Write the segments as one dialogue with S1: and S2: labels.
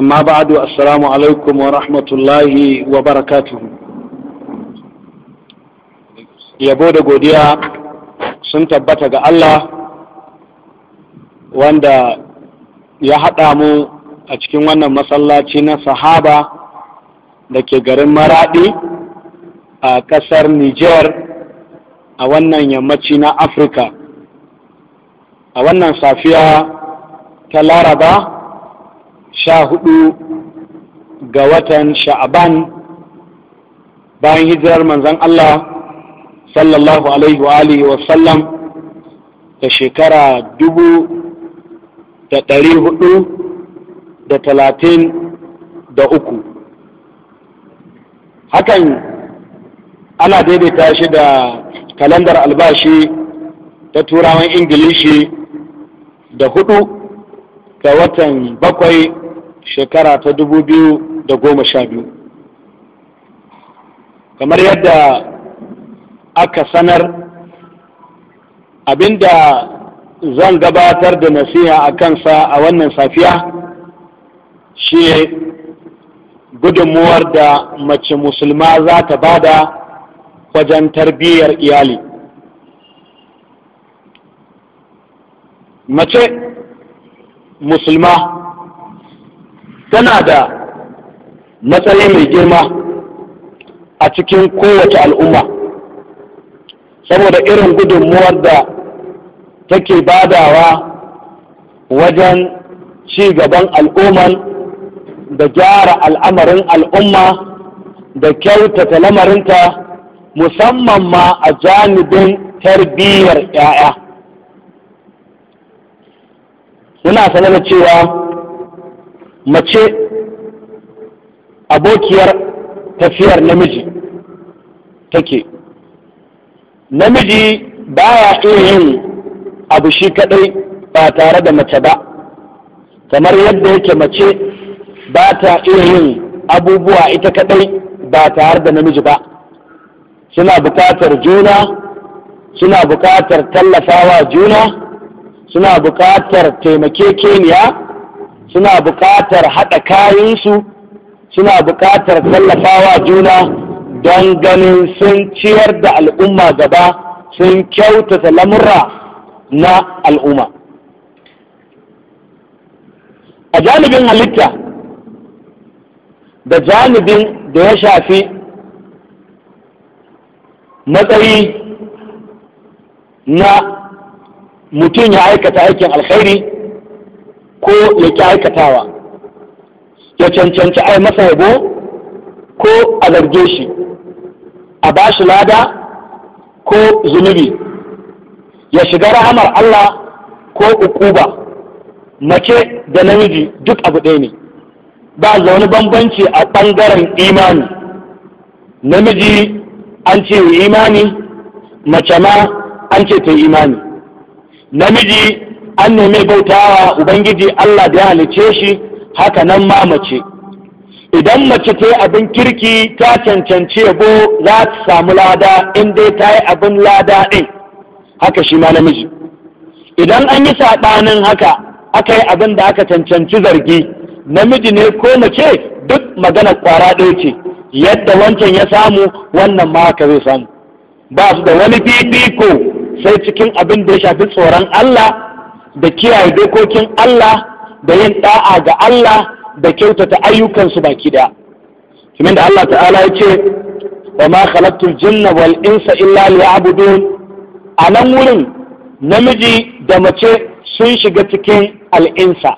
S1: amma ba'adu assalamu alaikum wa rahmatullahi wa barakatuhu yabo da godiya sun tabbata ga Allah wanda ya haɗa mu a cikin wannan masallaci na sahaba da ke garin maraɗi a ƙasar Nijar a wannan yammaci na Afirka a wannan safiya ta Laraba sha hudu ga watan sha'aban bayan hijirar manzon Allah sallallahu alaihi wa alihi wa sallam da shekara dubu da ɗari hudu da talatin da uku hakan ana daidaita shi da kalandar albashi ta turawan ingilishi da hudu ga watan bakwai shekara ta dubu biyu da goma sha biyu kamar yadda aka sanar abinda zan gabatar da nasiha a kansa a wannan safiya shi gudunmuwar da mace musulma za ta bada wajen tarbiyyar iyali mace musulma tana da matsayi mai girma a cikin kowace al'umma saboda irin gudunmuwar da take badawa wajen ci gaban al'umman da gyara al'amarin al'umma da kyautata lamarinta musamman ma a janibin tarbiyyar 'ya'ya. Suna sanar cewa mace abokiyar tafiyar namiji take namiji baya iya yin abu shi kadai ba tare da mace ba kamar yadda yake mace ba ta iya yin abubuwa ita kadai ba tare da namiji ba suna bukatar juna suna bukatar tallafawa juna suna bukatar taimakekeniya suna buƙatar haɗa kayansu suna buƙatar tallafawa juna don ganin sun ciyar da al'umma gaba sun kyautata lamurra na al'umma a janibin halitta da janibin da ya shafi matsayi na mutum ya aikata aikin alkhairi ko ya ƙi aikatawa ya cancanci ai masa yabo ko a zarge shi a ba shi lada ko zunubi ya shiga rahamar Allah ko ukuba mace da namiji duk abu ɗaya ne ba za wani bambanci a ɓangaren imani namiji an ce imani mace ma an ce ta imani namiji an neme bautawa ubangiji Allah da ya halice shi haka nan ma mace idan mace ta yi abin kirki ta cancanci yabo za ta samu lada in dai ta yi abin lada ɗin haka shi ma namiji idan an yi saɓanin haka aka yi abin da aka cancanci zargi namiji ne ko mace duk magana kwara ɗaya ce yadda wancan ya samu wannan ma haka zai samu ba su da wani ko sai cikin abin da ya shafi tsoron Allah da kiyaye dokokin Allah da yin da'a ga Allah da kyautata ayyukansu baki da Kimin da Allah ta'ala ya ce wa ma khalaqtul jinna wal insa illa liya'budun a nan wurin namiji da mace sun shiga cikin al'insa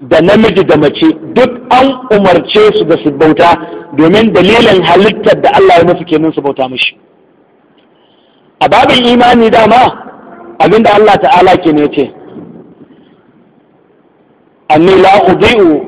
S1: da namiji da mace duk an umarce su da su bauta domin dalilin halittar da Allah ya musu kenan su bauta mishi a babin imani dama abinda Allah ta'ala ke ne ce أني لا أضيء